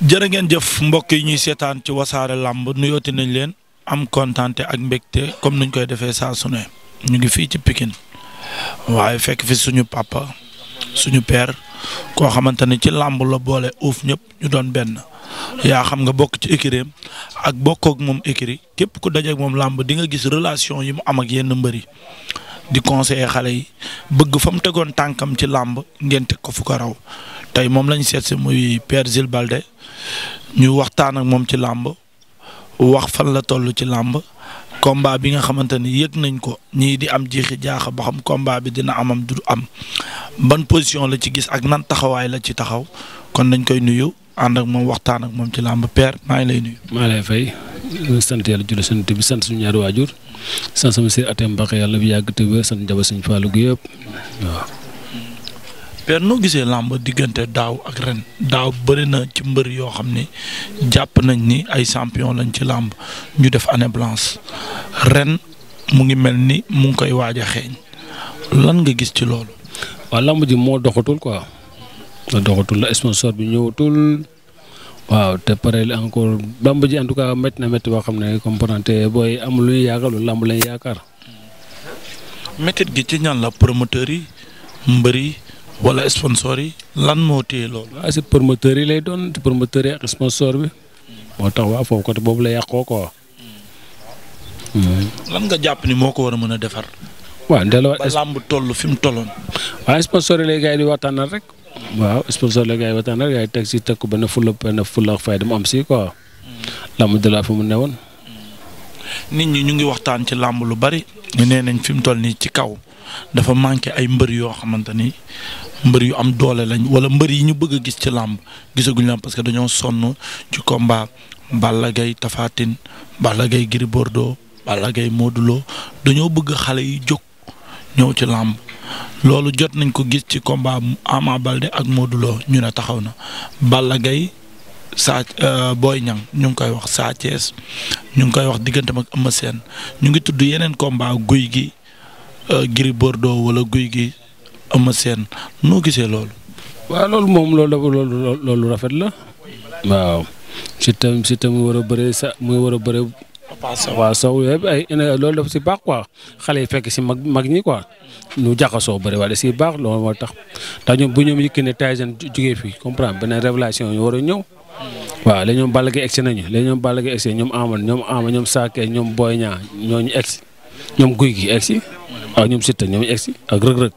jërë ngeen jëf mbokk yi ñuy seetaan ci wasaare làmb nuyooti nañ leen am kontaan ak mbegte comme nuñ koy defee saa su ñu ngi fii ci Pikine waaye fekk fi suñu papa suñu père koo xamante ni ci làmb la boole uuf ñëpp ñu doon benn yaa xam nga bokk ci écurie ak bokkook moom écurie képp ku dajeek moom làmb di nga gis relation yi mu am ak yenn mbër yi di conseiller xale yi bëgg fa mu tegoon tànkam ci làmb ngeen ko fu raw tey moom lañu seet si muy Père Jules ñu waxtaan ak moom ci làmb wax fan la toll ci làmb combat bi nga xamante ni yëg nañ ko ñii di am jiixi jaaxa ba xam combat bi dina amam du am ban position la ci gis ak nan taxawaay la ci taxaw kon nañ koy nuyu ànd ak moom waxtaan ak moom ci làmb per maa ngi lay nuyu. maa lay fay sant yàlla julli sant bi sant suñu ñaari waajur sant sama sëriñ Atem yàlla bi yàgg te wér sant njaboot suñu faalu yëpp waaw. père noo gisee làmb diggante daaw ak ren daaw bëri na ci mbër yoo xam ni jàpp nañ ni ay champion lañ ci làmb ñu def année blanche ren mu ngi mel ni mu ngi koy waaja a xeeñ lan nga gis ci loolu. waaw làmb ji moo doxatul quoi moo doxatul la sponsor bi ñëwatul waaw te pare encore làmb ji en tout na métti xam ne comprendre booy am lu ñuy yaakaar loolu làmb lañ yaakaar. métit gi ci ñaan la promoteur yi yi wala sponsor yi lan moo téye loolu. waaw ah, si promoteur yi lay doon ci promoteur yi ak sponsor bi. moo tax waaw foofu côté boobu la yàqoo quoi. Hmm. lan nga jàpp ni moo ko war a mën a defar. waaw delloo ba làmb toll fi mu tolloon. waaw sponsor yi lay gars yi di waxtaanal rek. waaw sponsor la gars yi waxtaanal gars yi teg si teg ko benn fulla benn fulla fay dama am si quoi. Hmm. làmb de la fi mu newoon. Hmm. nit ñi ñu ngi waxtaan ci làmb lu bari. ñu nee nañ fi mu toll nii ci kaw dafa manqué ay mbër yoo xamante ni mbër yu am doole lañ wala mbër yi ñu bëgg a gis ci làmb gisaguñ làmb parce que dañoo sonn ci combat Balla gay tafaatin Tine Balla Gaye Gris Bordeaux Balla Gaye Modou dañoo bëgg xale yi jóg ñëw ci làmb loolu jot nañ ko gis ci combat Ama Baldé ak Modou Lo ñu ne taxaw na Balla Gaye saa euh, Boy Niang ñu ngi koy wax Sa Thiès ñu ngi koy wax digganteem ak Eumeu seen ñu ngi tudd yeneen combat guy gi euh, Gris Bordeaux wala guy gi Eumeu Sène noo gisee loolu. waaw loolu moom loolu dafa loolu loolu rafet la. waaw Siteu Siteu mu war a sa muy war a bëree. waaw Sow yooyu ay loolu dafa si baax quoi xale yi fekk si mag mag ñi quoi ñu jaxasoo bëri wala si baax loolu moo tax ndax ñoom bu ñoom yëkkee ne Tyson jógee fii comprendre beneen révélation ñu war a ñëw. waa léegi ñoom Balla Gaye egsi nañu léegi ñoom Balla Gaye egsi ñoom Ama ñoom Ama ñoom Sa ñoom Boy ñooñu egsi ñoom guy gi egg si ak ñoom Siteu ñoom ñu ak rëg-rëg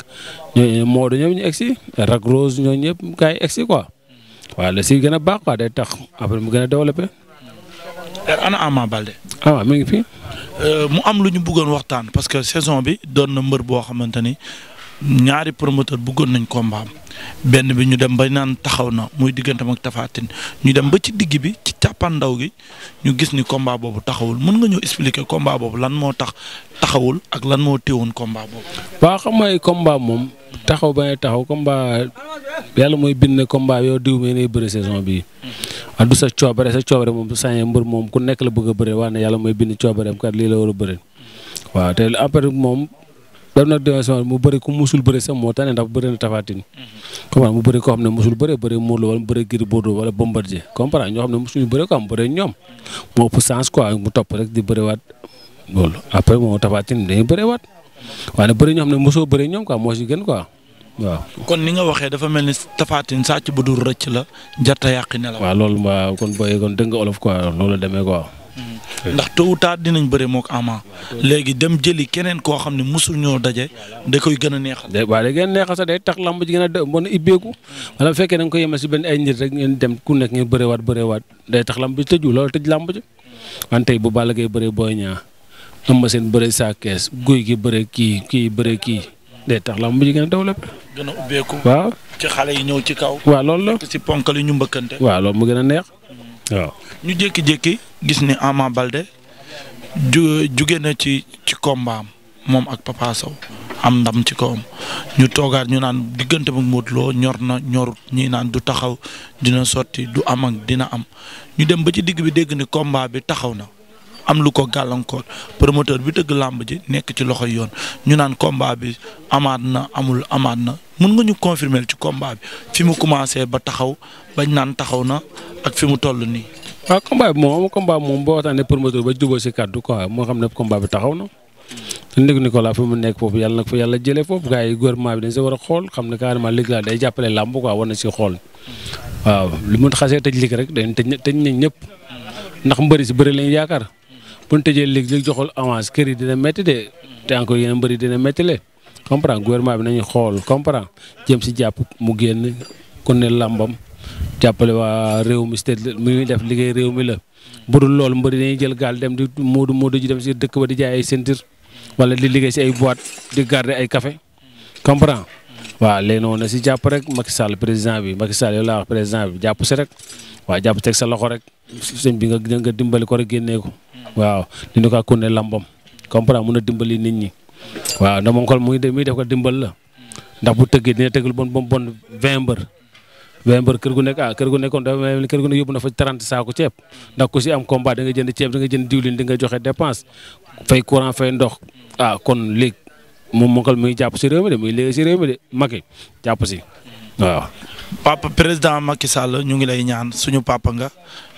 ñooñu ñoom ñu egg si Rose ñooñu ñëpp gars yi egg si la si gën a baax a day tax après mu gën a développé. Er, ana Ama Baldé. ah mi ngi fi. Euh, mu am lu ñu bëggoon waxtaan parce que saison bi doon na mbër boo xamante ni ñaari promoteur bëggoon nañ combat benn bi ñu dem ba naan taxaw na muy diggante ak tafaatin ñu dem ba ci digg bi ci càppandaw gi ñu gis ni combat boobu taxawul mën nga ñëw expliquer combat boobu lan moo tax taxawul ak lan moo téewoon combat boobu. waaw xam nga combat moom taxaw ba taxaw combat yàlla mooy bind ne combat yow diw mi ne bëri saison bii. waaw ah, du sa coobare sa coobare moom bu sañee mbër moom ku nekk la bëgg a bëri waaye yàlla mooy bind coobareem kat lii la war a bëri daf na dimension mu bëri ku musul bëri sax moo tane ndax bëri na tafaatin mhm. comprendre mu bëri koo xam ne musul bëri bëri Modou Lo wala mu bëri Gris Bordeaux wala Bombardier comprendre ñoo ko am bëri ñoom mhm. moo ëpp sens quoi mu topp rek di bëriwaat loolu après moo tafaatin dañuy bëriwaat waaye nag bëri ñoo xam ne mosoo bëri ñoom quoi moo si gën quoi waaw kon ni nga waxee dafa mel ni tafaatin sàcc bu dul rëcc la jarta yàqi ne la waaw loolu ma kon booy kon dëgg nga olof quoi loolu demee quoi ndax tôt ou tard dinañ bëre mook Ama léegi dem jëli keneen koo xam ne mosul ñoo daje da koy gën a neexal. waaw da gën a neexal day tax lamb ji gën a mën a ibbeeku wala fekkee da nga koy si benn ay nit rek ngeen dem ku nekk ngeen bëreewaat bëreewaat day tax lamb ji tëju loolu tëj lamb ji bu Balla Gaye bëree Boy Niang am ma seen bëree saa kees guy gi bëree kii kii bëree kii day tax lamb ji gën a développé. gën a ubbeeku. ci xale yi ñëw ci kaw. waaw loolu la ci ponkal yi ñu mbëkkante. waaw loolu mu gën a neex waaw ñu jékki-jékki gis ni Ama Balde ju na ci ci kombaam moom ak Papa am ndam ci kawam ñu toogaat ñu naan diggante bu Modou Lo ñor na ñorut ñi naan du taxaw dina sotti du am ak dina am ñu dem ba ci digg bi dégg ni combat bi taxaw na am lu ko gàllankoor promoteur bi dëgg làmb ji nekk ci loxo yoon ñu naan combat bi amaat na amul amaat na mën nga ñu confirmer ci kombaa bi fi mu commencé ba taxaw bañ naan taxaw na ak fi mu toll nii. waaw ah, combat bi moom combat bi moom boo waxtaanee promoteur ba jubóo si kàddu quoi moo xam ne combat bi taxaw na. ne Luc Nicolas fi mu nekk foofu na ko fa yàlla jëlee foofu gars yi gouvernement a xool xam ne carrément Luc la day jàppale làmb quoi war na si xool. waaw li mu xasee tëj Luc rek dañ tëj tëj nañ ñëpp ndax mbëri si bëri lañ yaakaar bu ñu tëjee Luc Luc joxul kër yi dina métti de te encore yeneen mbëri le comprendre gouvernement bi nañu xool comprendre jëm si jàpp mu génn kon ne làmbam jàppale waa réew mi state mi ngi def liggéey réew mi la bu dul loolu mbëri dañuy jël gaal dem di moodu moodu ji dem si dëkk ba di jaay ay ceinture wala di liggéey si ay boîte di garder ay café comprend waaw léegi si jàpp rek Macky président bi Macky Sall yow laa wax président bi jàpp si rek waaw jàpp teg sa loxo rek sëñ bi nga nga dimbali ko rek génnee ko waaw li ñu ko ak kunne lambam comprend mun a dimbali nit ñi waaw ndax moom kon muy def ko dimbal la ndax bu tëggee dina tëggal bon beneen mbër kër gu nekk ah, kër gu nekk yóbbu na fa 30 saako ceeb ndax ku si am combat da nga jënd ceeb da nga jënd diwlin di nga joxe dépense fay courant fay ndox ah kon léegi moom mokkal muy jàpp si réew mi de muy léegi si de Macky jàpp si waaw. papa président Macky Sall ñu ngi lay ñaan suñu papa nga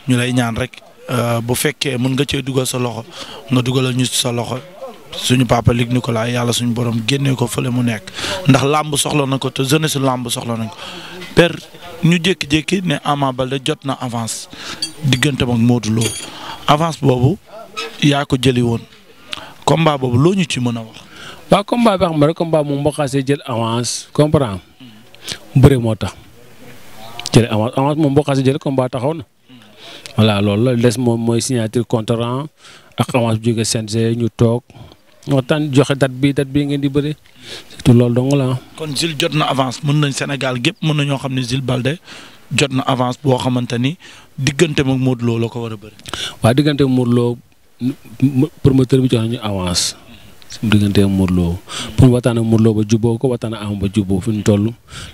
ñu lay ñaan rek euh, bu fekkee mën nga cee dugal sa loxo nga dugalal ñu sa loxo. suñu papa ko laa yàlla suñu borom génnee ko fële mu nekk ndax làmb soxla na ko te jeunesse làmb soxla nañ ko ñu jékki-jékki ne Ama Baldé jot na avance diggante ak Modou Lo avance boobu yaa ko jëli woon combat boobu loo ñu ci mën a wax. waaw combat bi xam nga rek combat moom boo xaasee jël avance comprendre bëre moo tax jël avance avance moom boo xaasee jël combat taxaw na. voilà loolu la des mooy signature contrat ak avance bu jógee CNG ñu toog moo tan joxe date bii date bii ngeen di bëri surtout loolu dong la kon Jules jot na avance mën nañ Sénégal gépp mën nañoo xam ne Jules Balde jot na avance boo xamante ni diggante ak Modou Lo la ko war a bëri. waaw diggante ak pour ma promoteur bi jox nañu avance. diggante ak Modou pour waxtaan ak Modou ba juboo ko waxtaan ak ba juboo fu ñu toll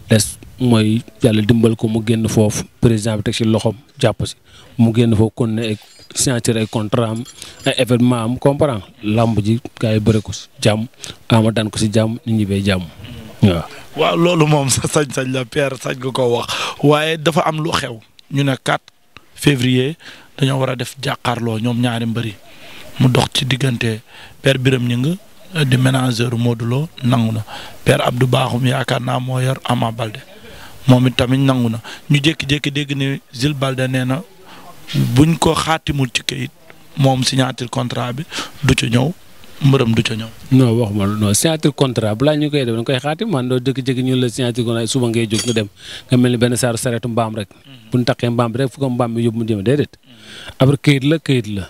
des. mooy yàlla dimbal ko mu génn foofu président bi teg si loxoom jàpp si mu génn foofu kon ne ay signature ay contrat am ay événement am comprendre làmb ji gars yi ko si jàmm a daan ko si jàmm nit ñi bay jàmm waaw. waaw loolu moom sa sañ-sañ la Pierre sañ nga ko wax waaye dafa am lu xew ñu ne 4 février dañoo war a def jàkkaarloo ñoom ñaari mbëri mu dox ci diggante Père Birame Ngingue di ménageur Modou nangu na Père Abdou Bakhoum yaakaar naa moo yor Ama Balde. moom it tamit nangu na ñu jékki-jékki dégg ne Jules Balde nee na buñ ko xaatimul ci kayit moom signature contrat bi du ca ñëw mbërëm du ca ñëw. non wax ma non signature contrat balaa ñu koy def dañ koy xaatim ma doo jékki-jékki ñu la signature contrat suba ngay jóg nga dem nga mel ni benn saaru sareetu mbaam rek. Mm-hmm. bu ñu taqee mbaam bi rek fu mbaam bi yóbbu mu jëm déedéet. Mm-hmm. après kayit la kayit la.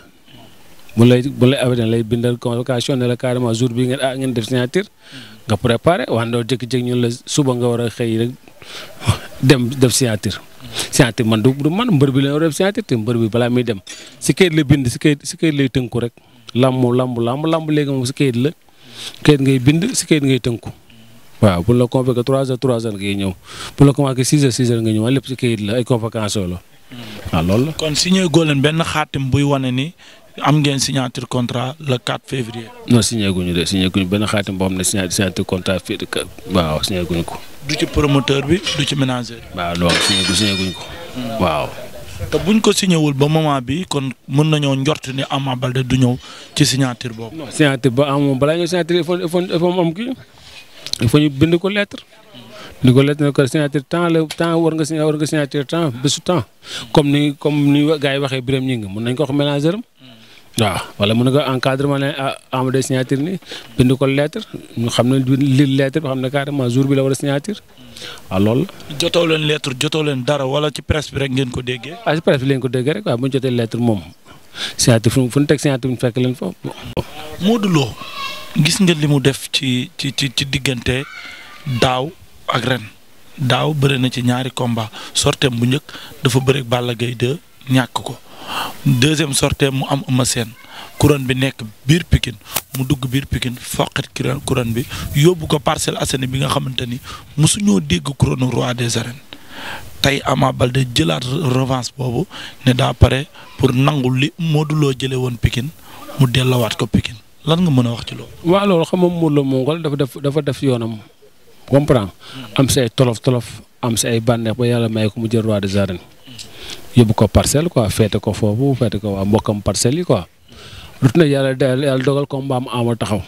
bu lay bu lay awee lay ah, a xëy rek dem def signature signature man man mbër bi la war a def signature bi balaa muy dem si kayit la bind si kayit si kayit lay rek lamb lamb lamb lamb léegi moom la kayit ngay bind si kayit ngay tënku waaw bu la convoqué 3 heures 3 heures ngay ñëw bu la convoqué nga ñëw waaye lépp si kayit la ay convocation la hmm. waaw loolu la. kon signé góor leen benn xaatim buy wane ni am ngeen signature contrat le 4 février. non signé guñu de signé guñu benn xaatim boo xam ne signature contrat fii de waaw signé guñu ko. du ci bi du ci manager. waaw non signé gu signé ko. Hmm. waaw. te buñ ko signé wul ba moment bi kon mën nañoo njort ni Ama Baldé du ñëw ci signature boobu. non signature ba am balaa ñuy signature il ñu bind ko ko lettre ne ko signature temps la war nga signé war nga signature temps bésu temps comme ni comme waxe gars ñi waxee Birame mën nañ ko wax manager am waaw wala mën nga encadrement ne ah Amadou day signature ni bind ko lettre ñu xam ne li lettre bi xam ne carrément jour bi la war a signature waaw lool la. jotoo leen lettre joto leen dara wala ci presse bi rek ngeen ko déggee. ah ci ko déggee rek waaw bu ñu jotee lettre moom signature fu ñu teg signature ñu fekk leen foofu. Modou duloo gis nga li mu def ci ci ci ci diggante daaw ak ren daaw bëri na ci ñaari combat sortem bu njëkk dafa bëri Balla Gaye 2 ñàkk ko. deuxième sortie mu am Eumeu Sène couronne bi nekk biir Pikine mu dugg biir Pikine foqat couronne bi yóbbu ko Parcelles Assainies bi nga xamante ni mosuñoo dégg couronne roi des arènes tey Ama Baldé jëlaat revance boobu ne daa pare pour nangu li Modou Lo jëlee woon Pikine mu delloowaat ko Pikine lan nga mën a wax ci loolu. waaw loolu xam nga Modou Lo moom dafa def dafa def yoonam comprendre am say tolof tolof am say bànneex ba yàlla may ko mu jël roi des yóbbu ko parcelle quoi feete ko foofu feete ko waa mbokkam parcelle yi quoi. dut na yàlla yàlla dogal combat am ama taxaw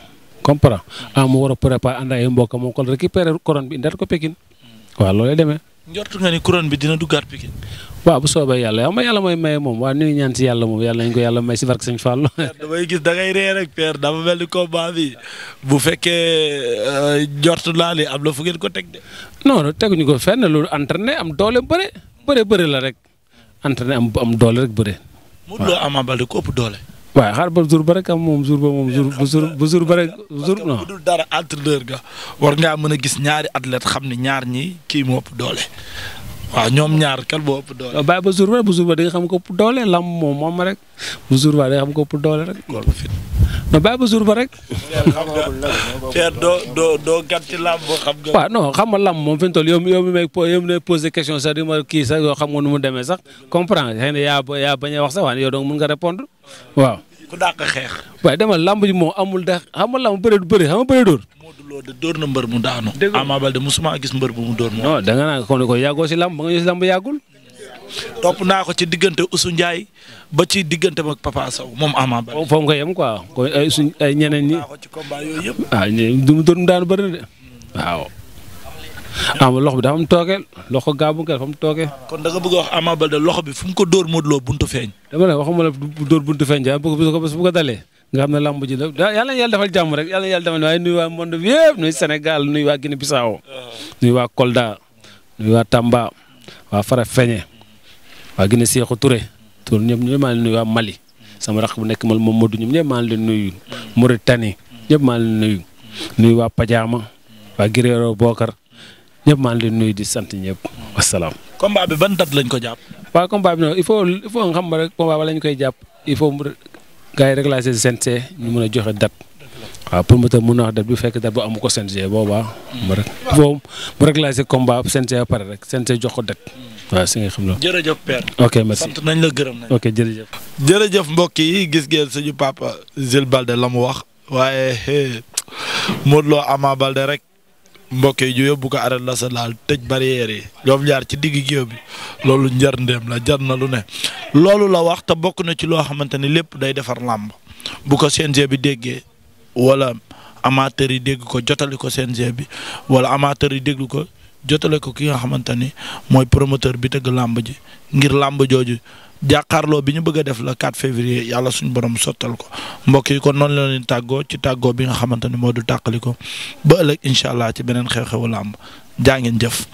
comprend am war a préparer ànd ay mbokkam moom kon récupérer bi ndaat ko Pikine waaw loolu lay demee. njortu nga ni bi dina duggaat Pikine. waaw bu soobee yàlla yow ma yàlla mooy maye moom waa nuyu ñaan si yàlla moom yàlla nañ ko yàlla may si barke Sëñ Fallu. damay gis da ngay ree rek père dafa mel ni combat bi bu fekkee euh, njortu laal li am la fu ngeen ko teg de. non ñu ko fenn loolu entraîné am doole bëre bëre bëre la rek. entraîné am am doole rek bëre. waaw Modou Lo Ama Baldé ko ëpp doole. waaye xaar ba jour ba rek am moom jour ba moom jour ba jour ba jour ba rek jour non bu dul war ngaa mën a gis ñaari athlète xam ne ñaar ñi kii moo ëpp doole waaw ñoom ñaar kan moo ëpp doole. ba jour ba bu jour ba di xam ko ëpp doole lam moom moom rek bu jour ba di xam ko ëpp doole rek. non bàyyi ba jour ba rek. doo doo doo gàtti làmb xam nga. waaw non xam nga làmb moom fi mu toll yow may yow question sax di ma kii sax yoo xam nga nu mu demee sax comprendre xëy na yaa yaa bañ a wax sax mun nga répondre waaw. ku dàq xeex. waaye dama làmb ji moom amul da xam nga làmb bëre bëre xam nga bëre dóor. Modou Lo de dóor mbër mu daanu. dëgg gis mbër bu mu dóor moom. non danga naan kon ko si làmb ba nga ñëw si làmb yàggul. topp naa ko ci diggante usu Ndiaye ba ci diggante ak Papa Sow moom Ama Baldé. foofu foofu nga yem quoi ay suñ ay ñeneen ñi. ko ci combat yooyu yëpp. ah mu doon daanu bëri de waaw. ama ah, loxo bi dafa am toogeel loxo gaabu nga dafa am toogee. kon da nga bëgg a wax Ama Baldé loxo bi fu mu ko door Modou Lo buntu feeñ. dama ne waxuma la dóor buntu feeñ ja bu ko bu ko ne làmb ji la yàlla na yàlla defal jàmm rek yàlla na yàlla defal waaye nuyu waa monde bi yëpp nuyu Sénégal waa Guinée Bissau ah. nuyu waa Kolda nuyu waa Tamba waa Farafeñe waa Guinée Seexu Touré tur ñoom ñëpp maa ngi nuyu waa Mali sama rax bu nekk mal moom Modou ñoom ñëpp ma ngi leen nuyu Mauritanie ñëpp maa ngi ma nuyu nuyu waa Pajama waa Guerrero Bokar ñëpp maa ngi leen nuyu di sant ñëpp wasalaam. combat bi ban date lañ ko jàpp. waaw combat bi non il faut il faut nga xam rek combat ba lañ koy jàpp il faut gars yi régulariser ñu mën a joxe date. waaw pour mu tam mën a wax date bi fekk date bu amu ko CNG boobaa. Mm. mu rek il faut mu régulariser combat CNG ba pare rek CNG jox ko date. Mm. waaw si nga xam jërëjëf ok merci sant nañ la gërëm nañ. ok jërëjëf. jërëjëf mbokk yi gis ngeen suñu papa Jules Balde la mu wax waaye Modou loo Ama Balde rek mbokk yi ju yóbbu ko arrêté la sa laal tëj barrière yi ñoom ñaar ci digg géew bi loolu njar ndéem la jar na lu ne loolu la wax te bokk na ci loo xamante ni lépp day defar làmb bu ko CNG bi déggee wala amateur yi dégg ko jotali ko CNG bi wala amateur yi déglu ko. jotale ko ki nga xamante ni mooy promoteur bi tëgg làmb ji ngir làmb jooju jàkkaarloo bi ñu bëgg a def la 4 février yàlla suñu borom sottal ko mbokk yi kon noonu la leen tàggoo ci tàggoo bi nga xamante ni moo du tàqali ko ba ëllëg incha allah ci beneen xew-xewu làmb jaa ngeen jëf.